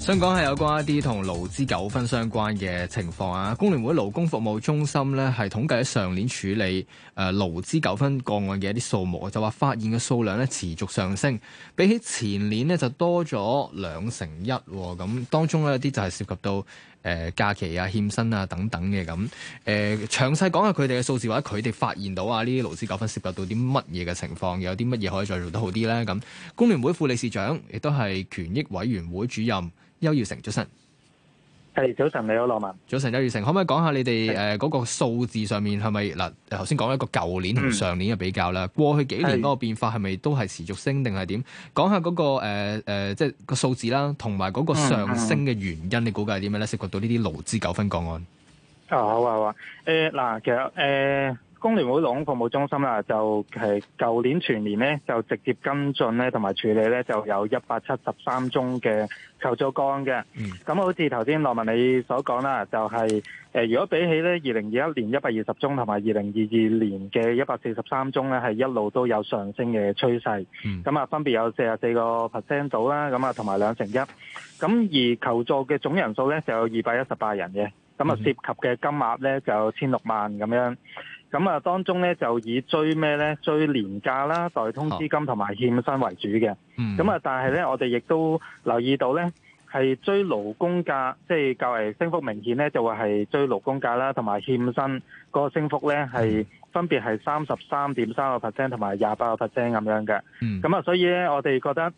想講下有關一啲同勞資糾紛相關嘅情況啊，工聯會勞工服務中心呢係統計喺上年處理誒勞資糾紛個案嘅一啲數目，就話發現嘅數量呢持續上升，比起前年呢就多咗兩成一，咁當中呢，一啲就係涉及到誒假期啊欠薪啊等等嘅咁，誒詳細講下佢哋嘅數字或者佢哋發現到啊呢啲勞資糾紛涉及到啲乜嘢嘅情況，有啲乜嘢可以再做得好啲呢？咁工聯會副理事長亦都係權益委員會主任。丘燿誠，早晨，係早晨，你好，羅文。早晨，丘燿誠，可唔可以講下你哋誒嗰個數字上面係咪嗱？頭先講一個舊年同上年嘅比較啦，嗯，過去幾年嗰個變化係咪都係持續升定係點？講下嗰，那個誒誒，呃呃，即係個數字啦，同埋嗰個上升嘅原因，嗯嗯，你估計係點樣咧？涉及到呢啲勞資糾紛個案。哦，好啊，好啊，誒、呃、嗱，其實誒。呃工聯會勞工服務中心啦，就係舊年全年咧，就直接跟進咧，同埋處理咧，就有一百七十三宗嘅求助案嘅。咁好似頭先羅文你所講啦，就係誒，如果比起咧二零二一年一百二十宗同埋二零二二年嘅一百四十三宗咧，係一路都有上升嘅趨勢。咁、嗯、啊，分別有四十四個 percent 到啦，咁啊，同埋兩成一。咁而求助嘅總人數咧就有二百一十八人嘅，咁啊，涉及嘅金額咧就有千六萬咁樣。咁啊，當中咧就以追咩咧？追年假啦、代通資金同埋欠薪為主嘅。咁、嗯、啊，但係咧，我哋亦都留意到咧，係追勞工假，即、就、係、是、較為升幅明顯咧，就話係追勞工假啦，同埋欠薪個升幅咧，係分別係三十三點三個 percent 同埋廿八個 percent 咁樣嘅。咁啊、嗯，所以咧，我哋覺得。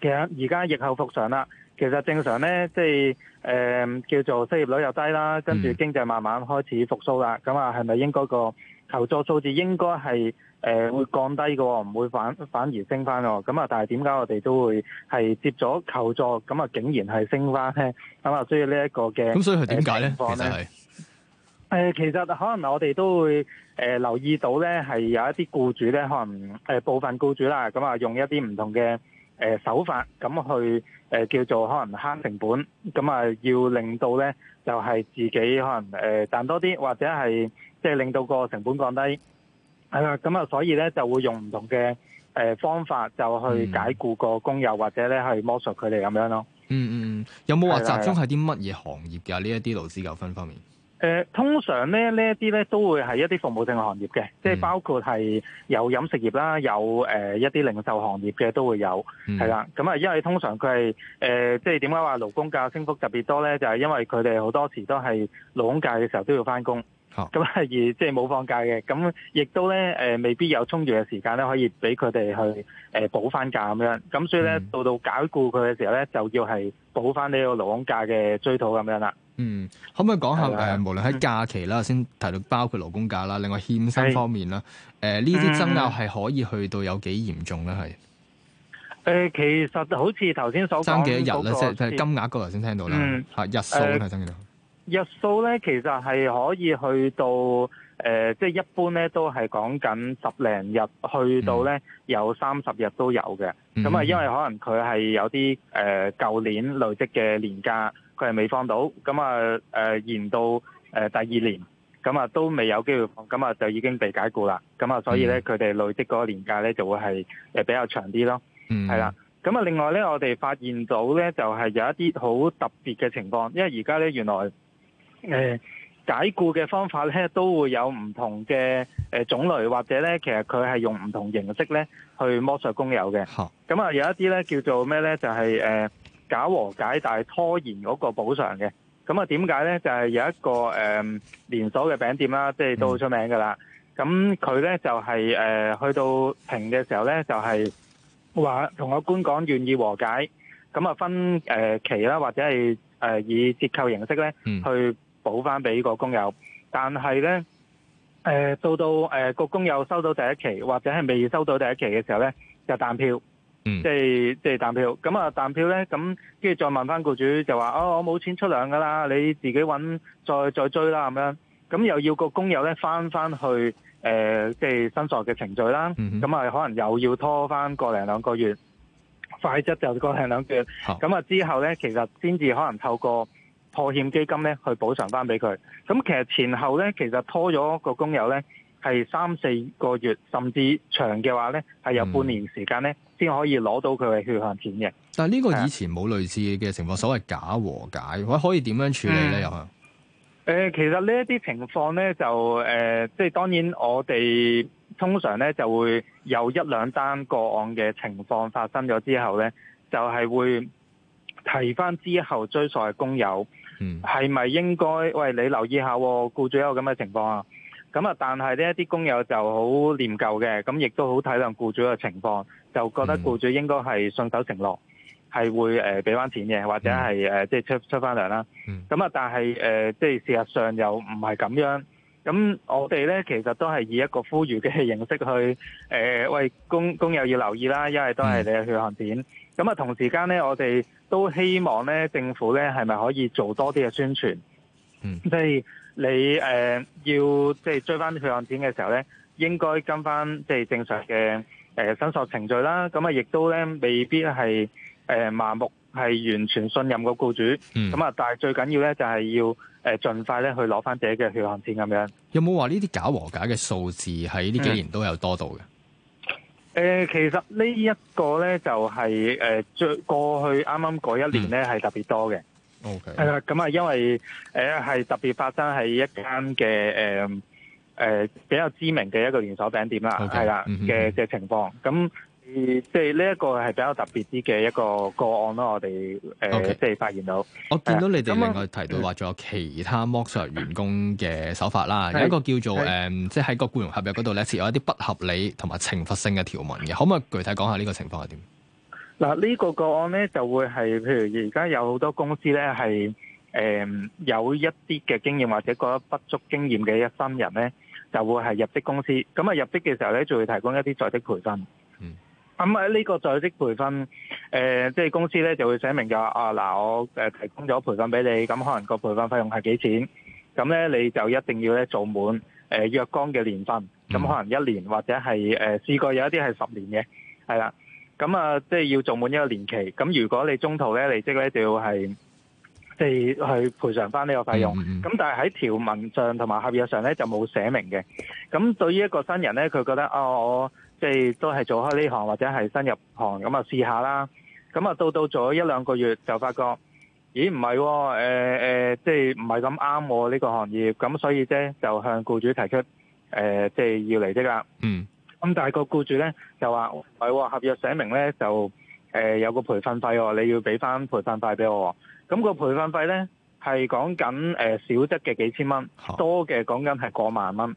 其實而家疫後復常啦，其實正常咧，即係誒、呃、叫做失業率又低啦，跟住經濟慢慢開始復甦啦。咁、嗯、啊，係咪應該個求助數字應該係誒、呃、會降低嘅喎，唔會反反而升翻喎？咁啊，但係點解我哋都會係接咗求助，咁啊，竟然係升翻咧？咁啊，所以呢一個嘅咁所以係點解咧？其實、呃、其實可能我哋都會誒、呃、留意到咧，係有一啲僱主咧，可能、呃、部分僱主啦，咁啊，用一啲唔同嘅。誒、呃、手法咁去誒叫做可能慳成本，咁、呃、啊要令到咧就係、是、自己可能誒、呃、賺多啲，或者係即係令到個成本降低，係啦。咁啊，所以咧就會用唔同嘅誒、呃、方法就去解雇個工友，或者咧係剝削佢哋咁樣咯。嗯嗯，嗯，嗯有冇話集中喺啲乜嘢行業㗎？呢一啲勞資糾紛方面？誒、呃、通常咧呢一啲咧都會係一啲服務性行業嘅，即係包括係有飲食業啦，有誒、呃、一啲零售行業嘅都會有，係、嗯、啦。咁啊，因為通常佢係誒即係點解話勞工假升幅特別多咧？就係、是、因為佢哋好多時都係勞工假嘅時候都要返工。咁啊，而即係冇放假嘅，咁亦都咧，誒，未必有充裕嘅時間咧，可以俾佢哋去，誒，補翻假咁樣。咁所以咧，到到解僱佢嘅時候咧，就要係補翻呢個勞工假嘅追討咁樣啦。嗯，可唔可以講下誒？無論喺假期啦，先提到包括勞工假啦，另外欠薪方面啦，呢啲、嗯、爭拗係可以去到有幾嚴重咧？係誒，其實好似頭先所講爭幾多日咧，即係金額過頭先聽到啦、嗯啊，日數都係爭幾多？日數咧，其實係可以去到誒，即係一般咧都係講緊十零日，去到咧有三十日都有嘅。咁啊，因為可能佢係有啲誒舊年累積嘅年假，佢係未放到，咁啊誒延到誒第二年，咁啊都未有機會放，咁啊就已經被解僱啦。咁啊，所以咧佢哋累積嗰個年假咧就會係比較長啲咯。係啦，Mm-hmm，咁啊另外咧，我哋發現到咧就係有一啲好特別嘅情況，因為而家咧原來。誒，解僱嘅方法咧都會有唔同嘅，誒種類，或者咧其實佢係用唔同形式咧去剝削工友嘅。吓，咁啊有一啲咧叫做咩咧就係誒假和解，但係拖延嗰個補償嘅。咁啊點解咧就係有一個誒連鎖嘅餅店啦，即係都好出名噶啦。咁佢咧就係誒去到停嘅時候咧就係話同阿官講願意和解，咁啊分誒期啦，或者係誒以折扣形式咧去。補翻俾個工友，但係咧，誒、呃，到到誒個工友收到第一期或者係未收到第一期嘅時候咧，就彈票，即係即係彈票。咁啊，彈票咧，咁跟住再問翻雇主就，就話哦，我冇錢出糧噶啦，你自己揾，再再追啦咁樣。咁又要個工友咧翻翻去誒，即、呃、係、就是、申索嘅程序啦。咁、嗯、啊，可能又要拖翻個零兩個月，快則就個零兩個月。咁啊之後咧，其實先至可能透過。破欠基金咧去補償翻俾佢，咁其實前後咧其實拖咗個工友咧係三四個月，甚至長嘅話咧係有半年時間咧先、嗯、可以攞到佢嘅血汗錢嘅。但係呢個以前冇類似嘅情況，所謂假和解，可可以點樣處理咧？又係誒，其實呢一啲情況咧就誒、呃，即係當然我哋通常咧就會有一兩單個案嘅情況發生咗之後咧，就係、是、會提翻之後追索嘅工友。係、嗯、咪應該？喂，你留意下，僱主有咁嘅情況啊。咁啊，但係呢一啲工友就好念舊嘅，咁亦都好體諒僱、僱主嘅情況，就覺得僱主應該係信守承諾，係會誒俾翻錢嘅，或者係、嗯呃、即係出出翻糧啦。咁、嗯、啊，但係誒、呃，即係事實上又唔係咁樣。咁我哋咧，其實都係以一個呼籲嘅形式去，誒，為工工友要留意啦，因為都係你嘅血汗錢。咁啊，同時間咧，我哋都希望咧，政府咧係咪可以做多啲嘅宣傳？嗯，即係你誒要即係追翻啲血汗錢嘅時候咧，應該跟翻即係正常嘅誒申索程序啦。咁啊，亦都咧未必係誒麻木，係完全信任個僱主，咁、嗯、啊！但係最緊要咧，就係要誒盡快咧去攞翻自己嘅血汗錢咁樣。有冇話呢啲假和假嘅數字喺呢幾年都有多到嘅？誒、嗯，其實呢一個咧就係誒，最過去啱啱嗰一年咧係特別多嘅。O K 係啦，咁啊，因為誒係特別發生喺一間嘅誒誒比較知名嘅一個連鎖餅店啦，係啦嘅嘅情況咁。即係呢一個係比較特別啲嘅一個個案咯，我哋誒即係發現到。我見到你哋另外提到話，仲、嗯、有其他剝削員，員工嘅手法啦、嗯。有一個叫做誒、嗯呃，即係喺個僱傭合約嗰度咧，設有一啲不合理同埋懲罰性嘅條文嘅、嗯。可唔可以具體講下呢個情況係點？嗱，呢個個案咧就會係，譬如而家有好多公司咧係誒有一啲嘅經驗或者覺得不足經驗嘅一新人咧，就會係入職公司。咁啊，入職嘅時候咧，就會提供一啲在職培訓。咁、嗯、呢個在職培訓，誒、呃，即係公司咧就會寫明嘅。啊，嗱，我提供咗培訓俾你，咁可能個培訓費用係幾錢？咁咧你就一定要咧做滿誒若干嘅年份，咁可能一年或者係誒、呃、試過有一啲係十年嘅，係啦。咁啊，即係要做滿一個年期。咁如果你中途咧離職咧，就要係即係去賠償翻呢個費用。咁、嗯嗯、但係喺條文上同埋合約上咧就冇寫明嘅。咁對於一個新人咧，佢覺得啊，我即係都係做開呢行或者係新入行咁啊，試下啦，咁啊到到做咗一兩個月就發覺，咦，唔係，喎、哦，誒即係唔係咁啱喎。呢、呃呢個行業，咁所以啫就向僱主提出誒即係要離職啦。嗯，咁但係個僱主咧就話係喎，合約寫明咧就誒、呃、有個培訓費喎、哦，你要俾翻培訓費俾我、哦。咁、個培訓費咧係講緊誒少則嘅幾千蚊，多嘅講緊係過萬蚊，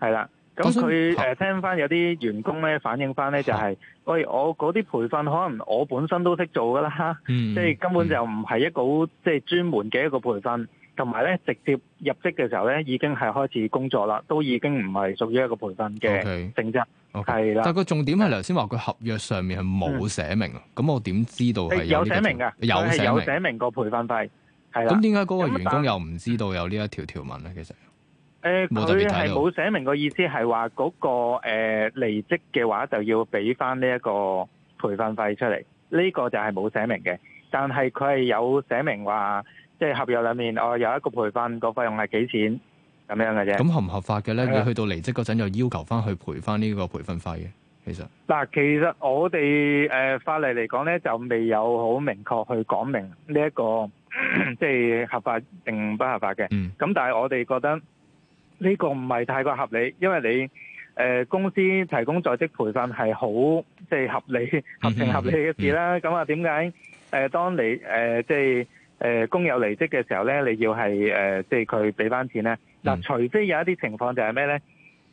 係啦。咁佢誒聽翻有啲員工咧反映翻咧就係、是，嗯，喂，我嗰啲培訓可能我本身都識做噶啦、嗯，即係根本就唔係一個、嗯、即係專門嘅一個培訓，同埋咧直接入職嘅時候咧已經係開始工作啦，都已經唔係屬於一個培訓嘅性質，係、okay, 啦、okay,。但係個重點係，頭先話佢合約上面係冇寫明，咁、嗯、我點知道係有寫明㗎？有寫明個、就是、培訓費，係啦。咁點解嗰個員工又唔知道有呢一條條文咧？其實？誒、呃，佢係冇寫明個意思係話嗰個誒離職嘅話就要俾翻呢一個培訓費出嚟，呢、這個就係冇寫明嘅。但係佢係有寫明話，即、就、係、是、合約裏面我、哦、有一個培訓、個費用係幾錢咁樣嘅啫。咁合唔合法嘅咧？你去到離職嗰陣又要求翻去賠翻呢個培訓費嘅，其實。嗱，其實我哋誒、呃、法例嚟講咧，就未有好明確去講明呢、這、一個即係、就是、合法定不合法嘅。嗯。咁但係我哋覺得。呢個唔係太過合理，因為你誒公司提供在職培訓係好即係合理合情合理嘅事啦。咁啊點解誒當你誒即係誒工友離職嘅時候咧，你要係誒即係佢俾翻錢咧？嗱，除非有一啲情況就係咩咧？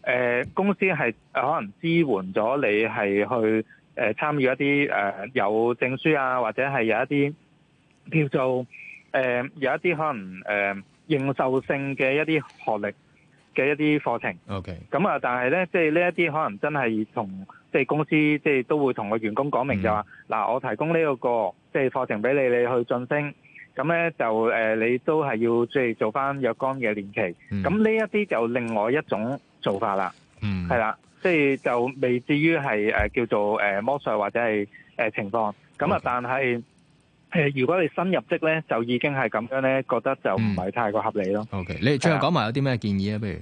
誒公司係可能支援咗你係去誒參與一啲誒有證書啊，或者係有一啲叫做誒有一啲可能誒認受性嘅一啲學歷嘅一啲課程，OK，咁啊，但係咧，即係呢一啲可能真係同即係公司，即係都會同個員工講明就話，嗱，我提供呢個個即係課程俾你，你去晉升，咁咧就誒，你都係要即係做翻若干嘅年期，咁呢一啲就另外一種做法啦，嗯，係啦，即係就未至於係誒叫做誒魔術或者係誒情況，咁啊，但係。誒，如果你新入職咧，就已經係咁樣咧，覺得就唔係太過合理咯。O K，你最後講埋有啲咩建議啊？不如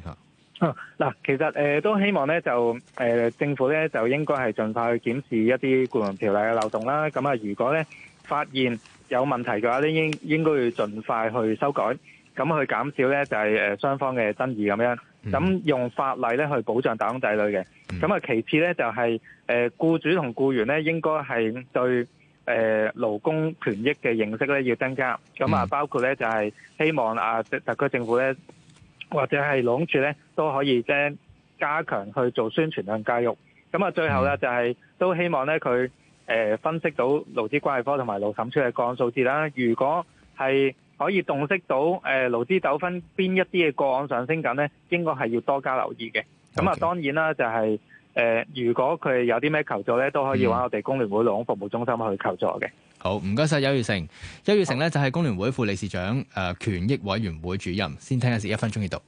嚇，嗱，其實誒都希望咧，就誒政府咧，就應該係盡快去檢視一啲僱傭條例嘅漏洞啦。咁啊，如果咧發現有問題嘅話，咧應應該要盡快去修改，咁去減少咧就係誒雙方嘅爭議咁樣。咁用法例咧去保障打工仔女嘅。咁啊，其次咧就係誒僱主同僱員咧應該係對。誒、呃、勞工權益嘅認識咧要增加，咁啊包括咧就係、是、希望啊特區政府咧或者係勞工處咧都可以即加強去做宣傳同教育，咁啊最後咧就係、是、都希望咧佢誒分析到勞資關係科同埋勞審處嘅個案數字啦。如果係可以洞悉到誒、呃、勞資糾紛邊一啲嘅個案上升緊咧，應該係要多加留意嘅。咁啊當然啦，就係、是。誒、呃，如果佢有啲咩求助咧，都可以揾我哋工聯會勞工服務中心去求助嘅、嗯。好，唔該晒丘燿誠。丘燿誠咧就係、是、工聯會副理事長，誒、呃、權益委員會主任。先聽一時一分鐘閱讀。